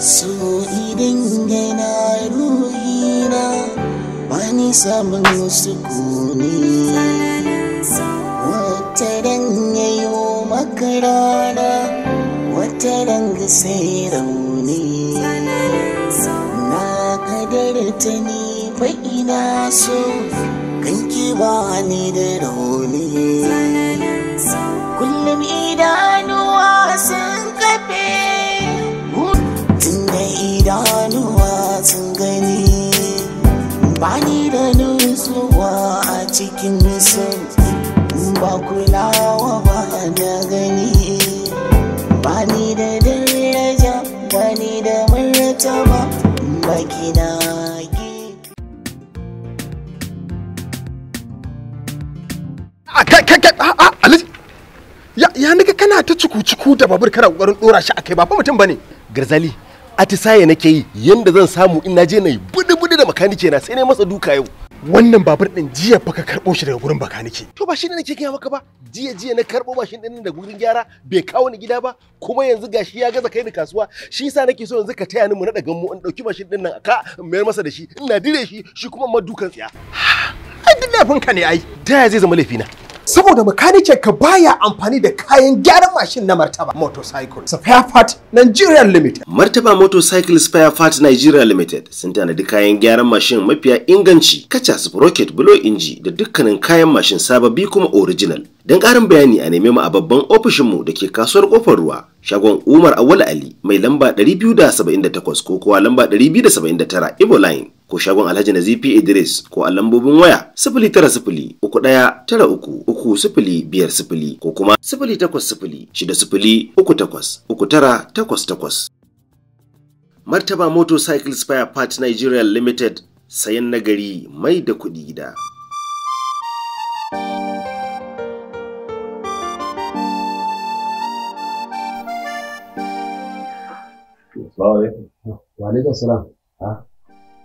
so idan gaina ruhina wani samun kone, wata ran yayo maka rana wata ran sai rauni na kadarta ni fa ina so kan ki ba ni da rauni kuci ku da babur kana kokarin dora shi akai ba fa mutum bane garzali atisaye nake yi yanda zan samu in naje na yi buɗe da makanike na sai ne masa duka yau wannan babur din jiya fa ka karbo shi daga gurin makanike to ba shi ne nake gaya maka ba jiya jiya na karbo mashin din daga gurin gyara bai kawo ni gida ba kuma yanzu gashi ya gaza kai ni kasuwa shi yasa nake so yanzu ka taya ni mu na daga mu in dauki mashin din nan ka mayar masa da shi ina dire shi shi kuma ma dukan tsiya ai duk ka ne ai da zai zama laifina saboda makanike ka baya amfani da kayan gyaran mashin na martaba motorcycle spare part Nigeria Limited martaba motorcycle spare part Nigeria Limited sun tanadi kayan gyaran mashin mafiya inganci kaca sprocket blow inji da dukkanin kayan mashin sababi kuma original don ƙarin bayani a neme mu a babban ofishinmu da ke kasuwar kofar ruwa shagon Umar Awala Ali mai lamba 278 ko kuwa lamba 279 Ibo Line ko shagon Alhaji Nazifi Idris ko a lambobin waya sifili tara sifili uku ɗaya tara uku uku sifili biyar sifili ko kuma sifili takwas sifili shida sifili uku takwas uku tara takwas takwas. Martaba Motorcycle Spire Part Nigeria Limited sayan nagari mai da kuɗi gida. Wa alaikum salam.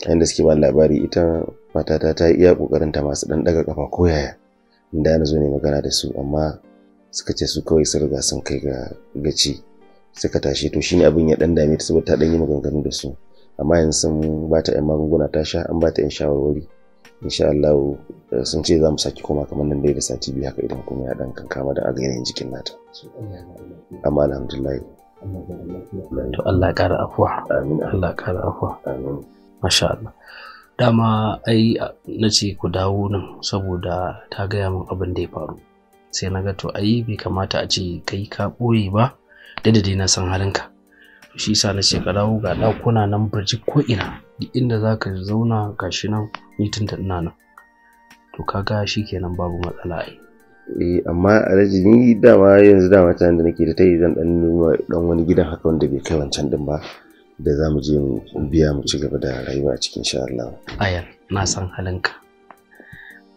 inda suke ba labari ita matata ta yi iya kokarin ta masu dan daga kafa ko yaya inda na zo ne magana da su amma suka ce su kawai su riga sun kai ga gaci suka tashi to shine abin ya dan dame ta saboda ta dan yi maganganu da su amma yanzu sun ba ta yan magunguna ta sha an ba ta yan shawarwari insha Allah eh, sun ce za mu saki koma kamar nan dai da sati biyu haka idan kuma ya dan kankama da agayen jikin nata amma alhamdulillah to Allah ya kara afuwa amin Allah ya kara afuwa amin masha Allah dama ai na ce ku dawo nan saboda ta gaya min abin da ya faru sai na ga to ai bai kamata a ce kai ka ɓoye ba da dai na san halinka shi sa na ce ka dawo ga ɗakuna nan birji ko ina duk inda za ka zauna gashi nan ni tunda ina nan to kaga shi kenan babu matsala ai eh amma alhaji ni dama yanzu dama ta da nake da tayi zan dan nuna wani gidan haka wanda bai kai wancan din ba da za mu je mu biya mu ci gaba da rayuwa cikin sha Allah. Ayar, na san halinka.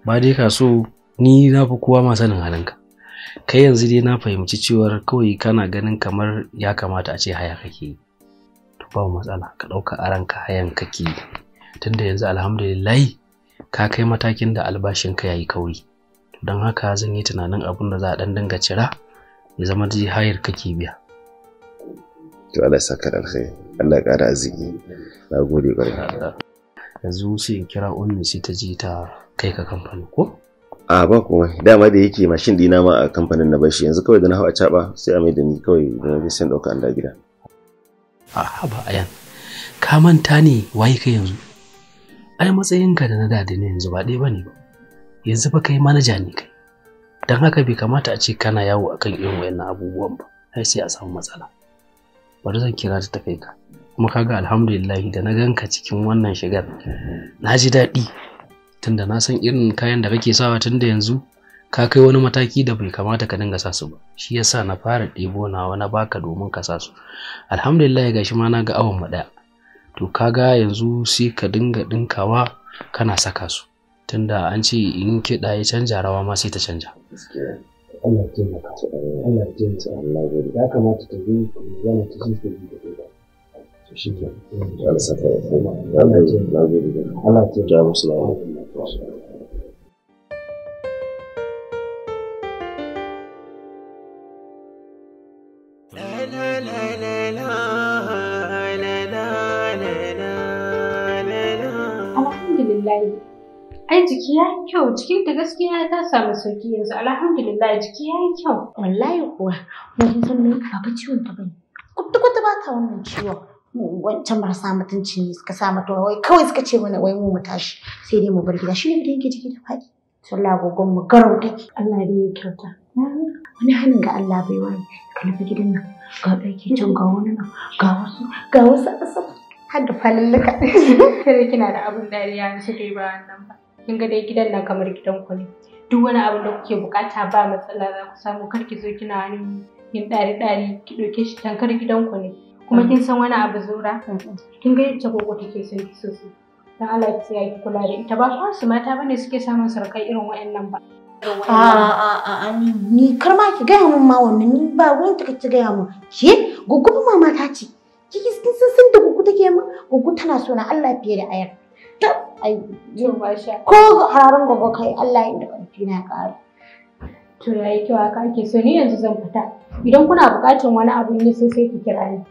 Ba dai ka so ni na fi kowa ma sanin halinka. Kai yanzu dai na fahimci cewar kawai kana ganin kamar ya kamata a ce haya kake To ba matsala ka ɗauka a ka hayan kake yi. Tunda yanzu alhamdulillahi ka kai matakin da albashinka ya yi kauri. Don haka zan yi tunanin abin da za a ɗan dinga cira ya zama ji hayar kake biya. To Allah ya saka da alkhairi. Allah ƙara arziki na gode ƙwarai yanzu sai in kira ummi sai ta je ta kai ka kamfani ko a ba kuma dama da yake mashin dina ma a kamfanin na bashi yanzu kawai da na hawa caba sai a mai da ni kawai da na sai dauka an da gida a haba ayan ka manta ne waye kai yanzu ai matsayinka da na da da yanzu ba ɗaya bane ba yanzu fa kai manaja ne kai dan haka bai kamata a ce kana yawo akan irin wayannan abubuwan ba ai sai a samu matsala bari zan kira ta ta kai ka kuma kaga alhamdulillahi da na ganka cikin wannan shigar na ji daɗi tunda na san irin kayan da kake sawa da yanzu ka kai wani mataki da bai kamata ka dinga sa su ba shi yasa na fara ɗebo nawa na baka domin ka sa su alhamdulillah gashi ma na ga awon mu ɗaya to kaga yanzu sai ka dinga ɗinkawa kana saka su tunda an ce in kiɗa ya canja rawa ma sai ta canja Allah ya taimaka Allah ya taimaka Allah ya kamata ta yi magana ta shi shi ke ala saka ya koma ala ce ala ce ja musu lawa ai jiki ya yi kyau Cikin da gaskiya ta samu sauki yanzu alhamdulillah jiki ya yi kyau wallahi kuwa mun san me ba ciwon ta bane kwata kwata ba ta wannan ciwon wancan marasa mutunci ne suka sa mata wai kawai suka ce mana wai mu mu tashi sai dai mu bar gida shi ne da yake jiki da faɗi sallah gogon mu garau take Allah dai ya kyauta wani hannun ga Allah bai wani ka nufi gidan nan ga ɗauki can ga wani nan ga wasu ga wasu asab har da falallaka kare kina da abin dariya na suke ba nan ba kin ga dai gidan nan kamar gidan ku ne duk wani abu da kuke bukata ba matsala za ku samu kar ki zo kina wani yin ɗari-ɗari ki ɗauke shi tankar gidan ku ne kuma kin san wani abu zura kin ga yadda koko take son ki sosai dan Allah ki ya ki kula da ita ba kuma su mata bane suke samun sarkai irin wayannan ba a a a ni kar ma ki gaya min ma wannan ni ba ruwan ta kace gaya min ke gugu mama ta ce ki kin san san da gugu take min gugu tana so na Allah fiye da ayar ai ko hararin gogo kai Allah ya inda ƙarfi na ƙara to yayi kyau ka ake so ni yanzu zan fita Idan kuna buƙatar wani abun yi sai ki kira ni.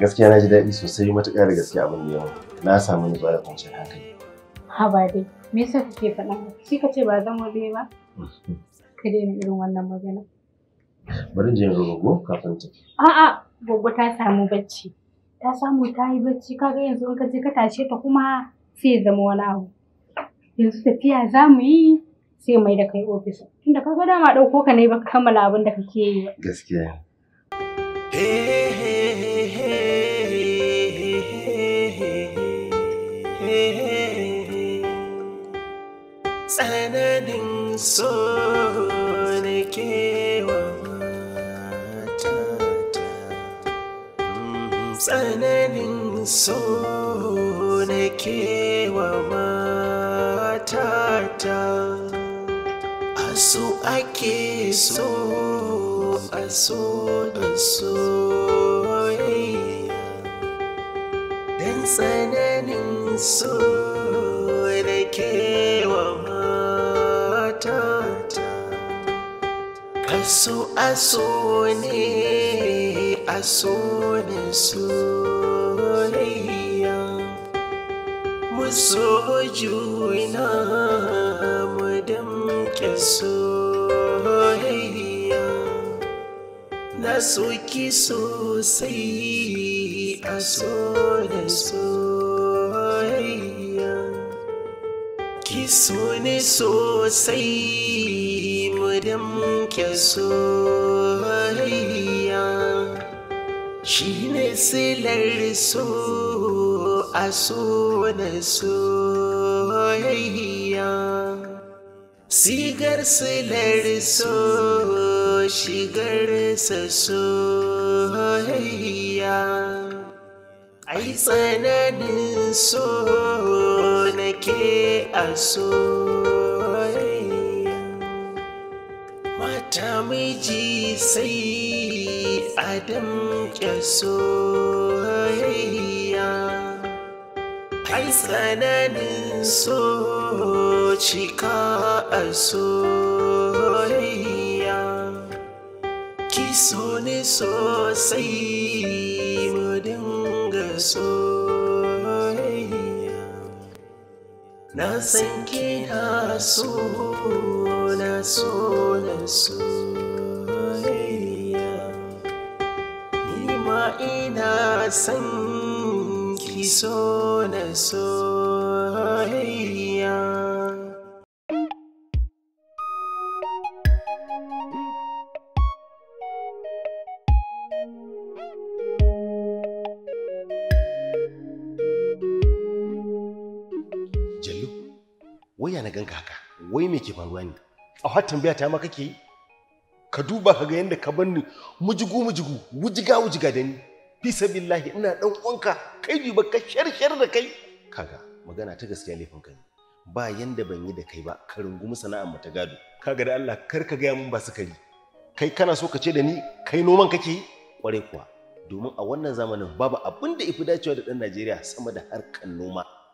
Gaskiya na ji daɗi sosai matuƙa da gaskiya abin da yawa. Na samu nutsuwa da kwanciyar hankali. Ha ba dai, me yasa kake faɗa? Shi ka ce ba zan waje ba? Ka daina irin wannan magana. Bari in je in gogo kafin ta. A'a, gogo ta samu bacci. Ta samu ta yi bacci kaga yanzu in ka je ka tashe ta kuma sai ya zama wani abu. Yanzu tafiya za mu yi sai mai da kai ofis. Tunda kaga dama ɗauko ka ne baka kammala abin da kake yi ba. Gaskiya. Hey. Eh, Mm, tsananin so da kewa matata tsananin so ke kewa matata a so ake so a so da soyayya dan tsananin so da kewa matata aso aso ne aso ne soyayya mu so juna mu damke soyayya na soki sosai aso ne soyayya ki so ne sosai damke soyayya shi ne silar so a so na soyayya sigar silar so shigarsa soyayya ai tsananin so na ke a so ta miji sai a ke soyayya ai tsananin so cika a soyayya ki so ne sosai mu dinga so na san kina so na so na soyayya ma ina san ki so na soyayya wai me ke faruwa ne a har tambaya ta ma kake ka duba ka ga yadda ka bar ni mujigu mujigu wujiga wujiga da ni fi sabillahi ina dan uwanka kai bi ba ka sharshar da kai kaga magana ta gaskiya laifin ka ne ba yanda ban yi da kai ba ka rungumi sana'ar mu ta gado kaga da Allah kar ka gaya mun ba sukari kai kana so ka ce da ni kai noman kake yi kwarai kuwa domin a wannan zamanin babu abin da ifi dacewa da ɗan Najeriya sama da harkar noma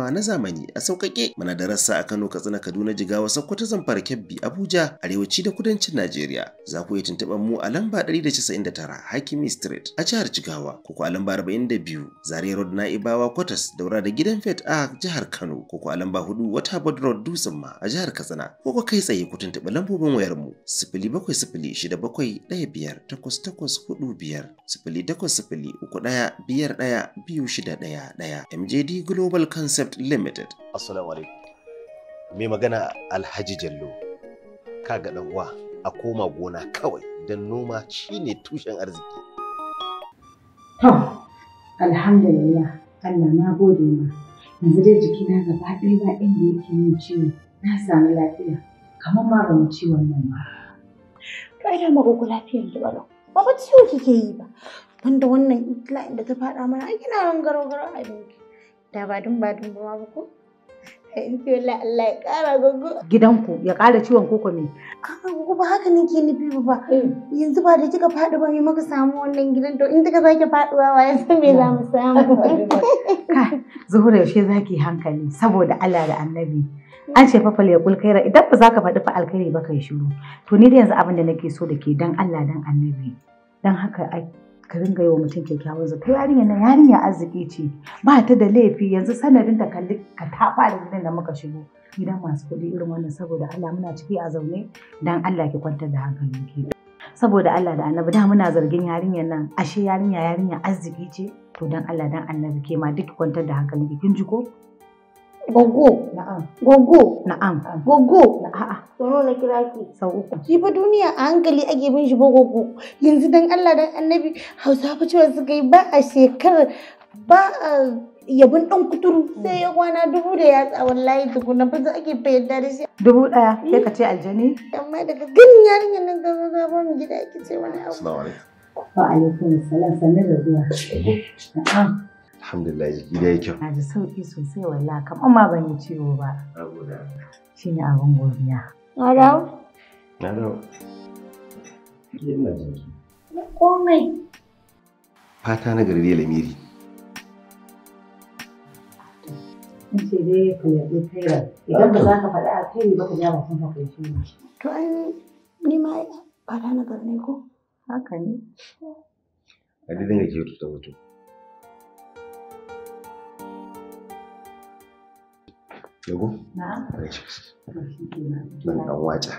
al'umma na zamani a sauƙaƙe muna da a Kano Katsina Kaduna Jigawa Sokoto Zamfara Kebbi Abuja arewaci da kudancin Najeriya za ku iya tuntuɓar mu a lamba 199 Hakimi Street a jihar Jigawa ko a lamba 42 Zaria Road Ibawa Kwatas daura da gidan Fet a jihar Kano ko a lamba 4 Waterbird Road Dutsen ma a jihar Katsina ko ku kai tsaye ku tuntuɓi lambobin wayar mu 0706715845 0803 biyar ɗaya biyu shida ɗaya ɗaya mjd global concept Private Limited. Assalamu alaikum. Mai magana Alhaji Jallo. Kaga dan uwa a koma gona kawai don noma shine tushen arziki. To, alhamdulillah, Allah na gode ma. Yanzu dai jikina gaba ɗaya ba inda yake min ciwo. Na samu lafiya, kamar ma ga ciwon nan ba. Kai da magogo lafiyar da balau. Ba ba ciwo kike yi ba. Wanda wannan ibtila'in da ta faɗa mana ai kina nan garo garo a abinki. da ba dun ba dun ba ko Inki Allah Allah ya ƙara gogo. Gidanku ya ƙara ciwon koko me? A'a gogo ba haka nake nufi ba. Eh. Yanzu ba da kika fadi ba mai muka samu wannan gidan to in kika sake faduwa wa ya san me za mu samu. Ka Zuhura yaushe zaki hankali saboda Allah da Annabi. An ce fa ya kulkaira kaira idan ba za ka faɗi fa alkhairi ba kai shiru. To ni da yanzu abin da nake so da ke dan Allah dan Annabi. Dan haka ka ringa yi wa mutum kyakkyawan zato yarinya nan yarinya arziki ce ba ta da laifi yanzu sanadin ta kalli ka ta fara gidan da muka shigo gidan masu kuɗi irin wannan saboda Allah muna ciki a zaune dan Allah ki kwantar da hankalinki saboda Allah da Annabi da muna zargin yarinyar nan ashe yarinya yarinya arziki ce to dan Allah dan Annabi ke ma duk kwantar da hankalinki kin ji ko Gogo. Na'am. Gogo. Na'am. Ah, gogo. A'a. Sono nuna kira ki. Sau uku. Shi fa duniya a hankali ake bin shi ba gogo. Yanzu dan Allah dan Annabi Hausa fa cewa suka yi ba a shekarar ba a yabin dan kuturu sai ya kwana dubu da ya tsawon layi tukuna fa za ake yadda da shi. Dubu ɗaya hmm. sai ka ce aljani. Amma daga ganin yarinyar nan ta zo ta ba mu gida ake ce wani abu. Assalamu alaikum. Wa alaikum salam sanin da zuwa. Na'am. alhamdulillah jiki da ya kyau na ji sauki sosai walla kamar ma ban yi ciwo ba shi ne abun gobiya. na dawo na dawo ina ko komai fata na gari ne lamiri in dai ku yaɗi kaira idan ba za ka faɗi a kai ba ka ja ba ka kai shi to ai ni ma fata na gari ne ko haka ne a dinga ke ta mutu shigo? Na'am. Gaishe. Mun dan wace.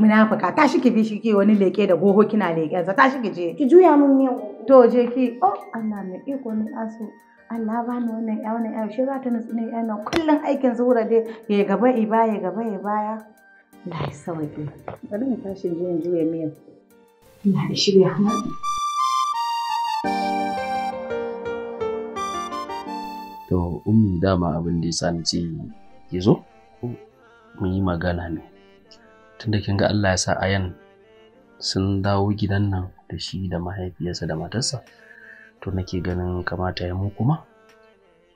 munafuka ta shi ki bi shi ke wani leke da goho kina leken sa ta shi ki je ki juya mun miyo to je ki oh Allah ni iko ne aso Allah ba ni wannan ya wannan ya shi za ta nutsu ne ya kullun aikin zuwa dai ya gaba ibaya baya ya gaba ya baya Allah ya sauke bari mu tashi je juya ina da shirya haɗu. To, ummi dama abin da ya sa ni ce ki zo, mu yi magana ne. Tunda kin ga Allah ya sa ayan sun dawo gidan nan da shi da mahaifiyarsa da matarsa, to nake ganin kamata ya mu kuma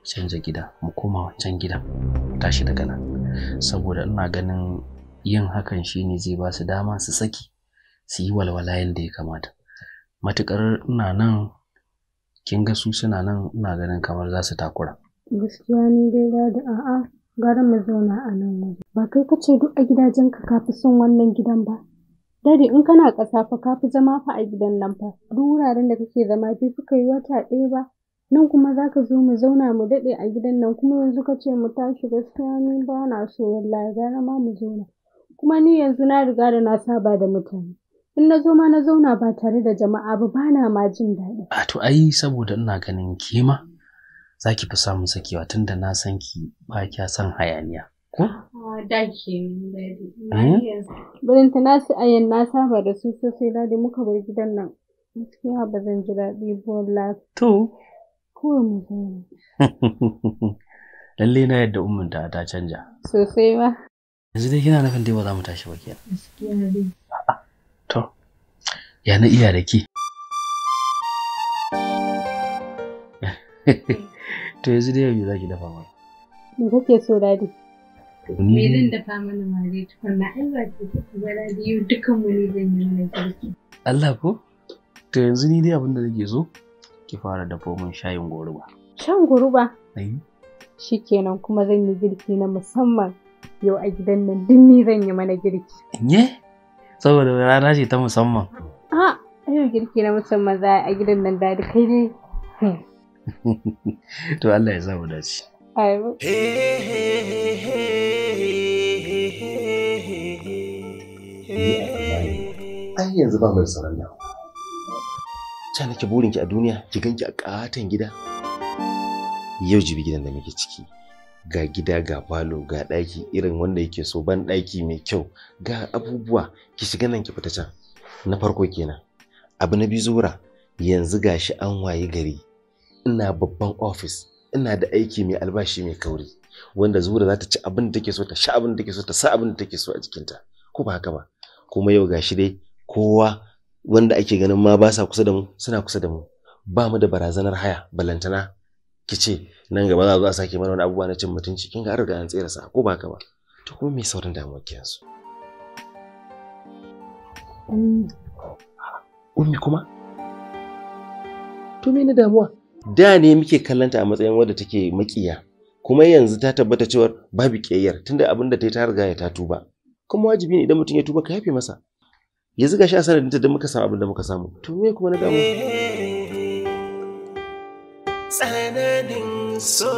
canza gida, mu koma wancan gida, tashi daga nan. Saboda ina ganin yin hakan shi ne zai ba su dama su saki. su yi walwala yadda ya kamata matuƙar ina nan kin ga su suna nan ina ganin kamar za su takura gaskiya ni dai da da a'a gara mu zauna a nan waje ba kai ka ce duk a gidajen ka fi son wannan gidan ba dadi in kana ƙasa fa ka fi zama fa a gidan nan fa duk wuraren da kake zama bai fi kai wata ɗaya ba nan kuma za ka zo mu zauna mu daɗe a gidan nan kuma yanzu ka ce mu tashi gaskiya ni ba na so wallahi gara ma mu zauna kuma ni yanzu na riga da na saba da mutane in na zo ma na zauna ba tare da jama'a ba ba na ma jin daɗi. A to ai saboda ina ganin kima za ki fi samun sakewa tun da na san ki ba kya son hayaniya. Ko? Ah, da ke Birinta na hmm? su ayan na saba da su sosai dadi muka bar gidan nan. Gaskiya ba zan ji daɗi ba To. Ko mu zauna. Lalle na yadda ummin ta ta canja. Sosai ba. Yanzu dai kina nufin dai ba za mu tashi ba kenan. Gaskiya dai. To, ya na iya da ke? To yanzu dai yau za ki dafa mana. Me kake so dadi? Me zan dafa mana mare na Allah ce ta ba dadi yau dukan mu ne zan yi mana girki. Allah ko? To yanzu ni dai abin da nake so ki fara dafo min shayin goruba. Shan goruba? Ai. Shikenan kuma zan yi girki na musamman yau a gidan nan duk ni zan yi mana girki. Nye? saboda rana ce ta musamman a yau girki na musamman za a gidan nan da kai ne to Allah ya sa mu dace ayo ai yanzu ba mai sauran yawa can nake burinki a duniya ki ganki a katon gida yau jibi gidan da muke ciki ga gida ga falo ga ɗaki irin wanda yake so ban ɗaki mai kyau ga abubuwa ki shiga nan ki fita can na farko kenan abu na biyu zura yanzu gashi an waye gari ina babban ofis ina da aiki mai albashi mai kauri wanda zura za ta ci abin da take so ta sha abin da take so ta sa abin da take so a jikinta ko ba haka ba kuma yau gashi dai kowa wanda ake ganin ma ba sa kusa da mu suna kusa da mu ba mu da barazanar haya balantana ki ce nan gaba za a zo a sake mana wani abubuwa na cin mutunci kin ga an riga an tsira sa ko baka ba to kuma me saurin damuwar ki yanzu ummi kuma to me na damuwa da ne muke kallanta a matsayin wadda take makiya kuma yanzu ta tabbata cewa babu kiyayyar tunda abin da ta yi ta riga ya ta tuba kuma wajibi ne idan mutum ya tuba ka yafe masa yanzu ga shi a sanadinta da muka samu abin da muka samu to me kuma na damuwa eh, eh, eh. tsananin so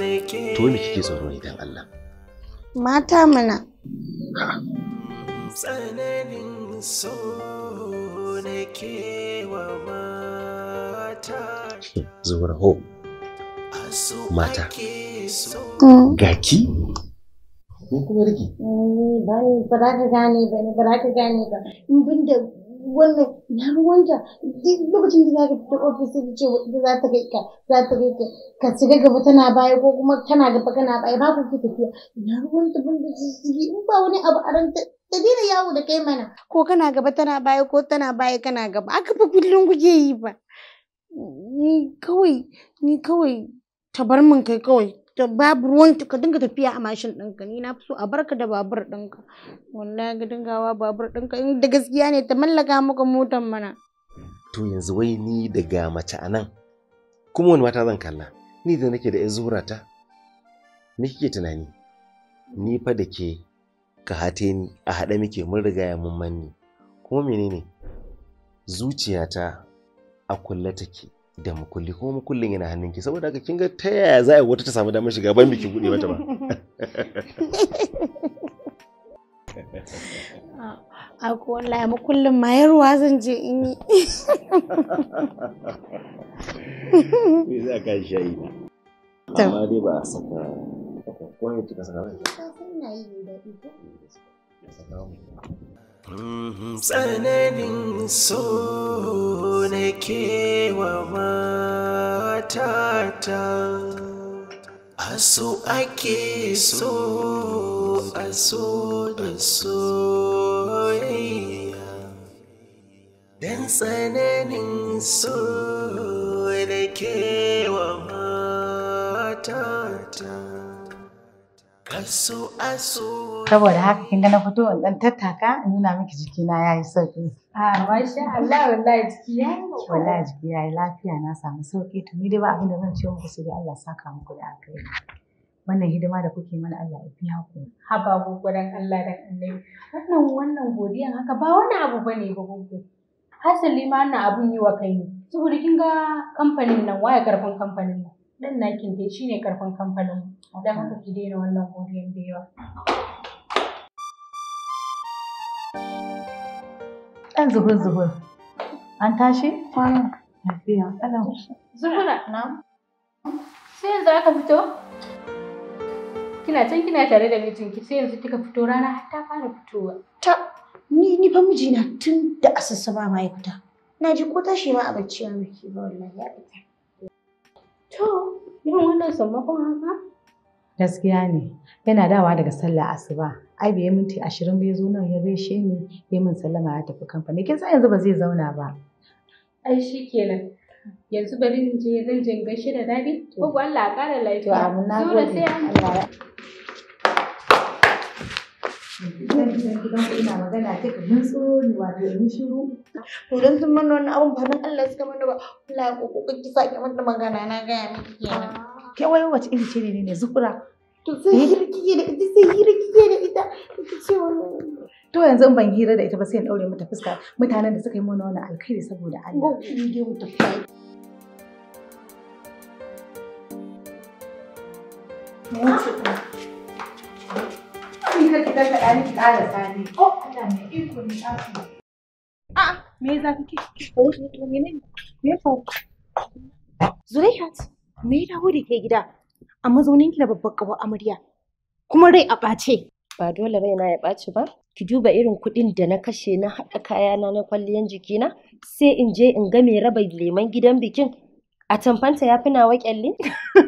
nake to me kike tsoro dan Allah mata mana tsananin so nake wa mata zuwa ho mata hmm. gaki ko kuma riki eh, ba ka gane ba ka gane ba in bin da wannan ya ruwanta lokacin da za ka fita ofis sai ce ita za ta kai ka za ta kai ka shiga gaba tana baya ko kuma tana gaba kana baya ba ku tafiya ya ruwanta ban da jijigi in ba wani abu a ranta ta daina yawo da kai mana ko kana gaba tana baya ko tana baya kana gaba aka fi kullum kuke yi ba ni kawai ni kawai ta bar min kai kawai da babu ruwan ka dinga tafiya a mashin ɗinka ni na so a barka da babur ɗinka wallahi ga dingawa babur ɗinka in da gaskiya ne ta mallaka maka motan mana to yanzu wai ni daga mace a nan kuma wani mata zan kalla ni da nake da yan zura ta me kike tunani ni fa da ke ka hate ni a haɗe muke mun riga ya mun manni kuma menene zuciyata a kulle take da mukulli kuma mukullin yana hannunki saboda haka kin ga ta yaya za a wata ta samu damar shiga ban biki buɗe mata ba a ko wallahi mukullin ma yarwa zan je in yi me za ka shayi na amma dai ba a saka ko ne kika saka ba Ka san na yi da ita tsananin so na kewa matata aso ake so aso da soyayya don tsananin so na kewa matata Saboda haka kin ga na fito in dan tattaka in nuna miki jikina yayi sauki. A ah, masha Allah wallahi jiki yayi wallahi jiki yayi lafiya na samu sauki to ni dai ba abin da zan ce muku sai Allah saka muku da alkhairi. Wannan hidima da kuke mana Allah ya biya ku. Haba gugu dan Allah dan Annabi. Wannan wannan godiyan haka ba wani abu bane ba gugu. Hasali ma na abun yi wa kai ne. Saboda kin ga kamfanin nan waya karfin kamfanin nan. ɗan nakin dai shine karfin kamfanin don haka ki daina wannan godiyan da yawa ɗan zubur zubur an tashi kwana lafiya ƙalau zuhura na sai yanzu aka fito kina can kina tare da mijinki sai yanzu kika fito rana har ta fara fitowa ta ni ni fa mijina tun da asusu ba ma ya fita na ji ko tashi ma a bacciya ya ke ba wallahi ya fita To, irin wannan sammakon haka? Gaskiya ne, yana dawa daga sallah asuba. Ai bai minti ashirin bai zo nan ya gaishe ni ya min sallama ya tafi kamfani. Kin san yanzu ba zai zauna ba. Ai shi kenan. Yanzu bari in je zan je gaishe da dadi. Ko Allah ya kara lafiya. To amin na gode. Zuwa sai an mutanen gidan ku ina magana ka mun tsoro ne wato in shiru to dan sun mana wannan abun ba nan Allah suka mana ba wallahi ko ko kike sake mana magana na gaya miki kenan ke wai wace iri ce ne ne zukura to sai hira eh? kike da ita sai hira kike da ita kike ce wannan to yanzu in ban hira da ita ba sai in daure mata fuska mutanen da suka yi mana wani alkhairi saboda Allah ko ki je mu tafi Thank you. ka da kika faɗa miki ƙara sani. Oh, Allah mai iko ne A'a, me ya zafi kike? Me Me faru? Zulaihat, me ya dawo da ke gida? A mazaunin ki da babbar ƙawar amarya. Kuma rai a ɓace. Ba dole raina ya ɓace ba. Ki duba irin kuɗin da na kashe na haɗa kayana na kwalliyan jikina. Sai in je in ga mai raba leman gidan bikin. A tamfanta ya fi nawa ƙyalli.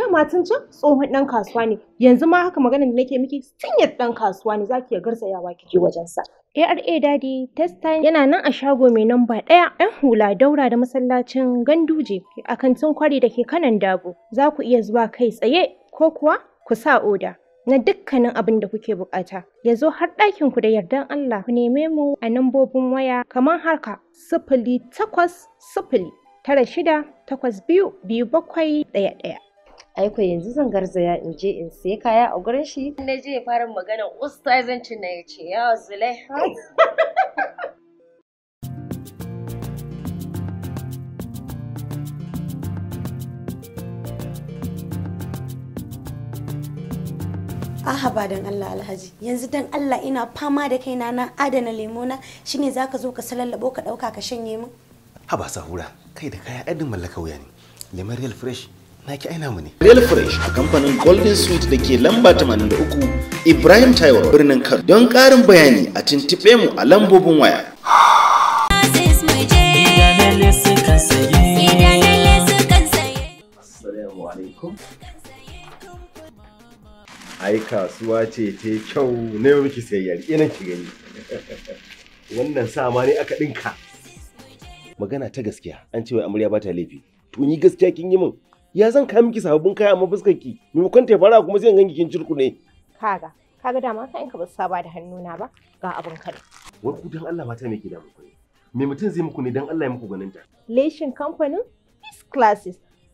dama tun can tsohon dan kasuwa ne yanzu ma haka magana da nake miki sun dan kasuwa ne zaki ya garzayawa kike wajen sa ARA Daddy test time yana nan a shago mai namba ɗaya ‘yan hula daura da masallacin ganduje a kantin kwari da ke kanan dabo za ku iya zuwa kai tsaye ko kuwa ku sa oda na dukkanin abin da kuke bukata ya zo har ɗakin ku da yardan Allah ku neme mu a nambobin waya kamar haka sifili takwas sifili tara shida takwas biyu biyu bakwai ɗaya ɗaya. aiko yanzu zan garzaya in je in sai kaya a gurin shi na je fara magana ustazancin na ya ce ya zulai Aha ba dan Allah Alhaji yanzu dan Allah ina fama da kaina na adana lemona shine za ka zo ka salallabo ka ɗauka ka shanye min Haba sahura kai da kaya adin mallaka wuya ne lemon real fresh naki aina mu ne real fresh a kamfanin golden sweet da ke lamba 83 ibrahim taiwo birnin kano don karin bayani a tintibe mu a lambobin waya ai kasuwa ce ta kyau ne miki ina ki gani wannan sama ne aka ɗinka magana ta gaskiya an ce wai amarya ba ta laifi to ni gaskiya kin yi min ya zan kai miki sababbin kaya amma fuskar ki maimakon ta fara kuma sai ganki kin cirkune kaga kaga dama kan ka ba saba da hannuna ba ga abin kan wai ku dan Allah mata me ke da ku ne me mutum zai muku ne dan Allah ya muku ganin ta leshin kamfanin class classes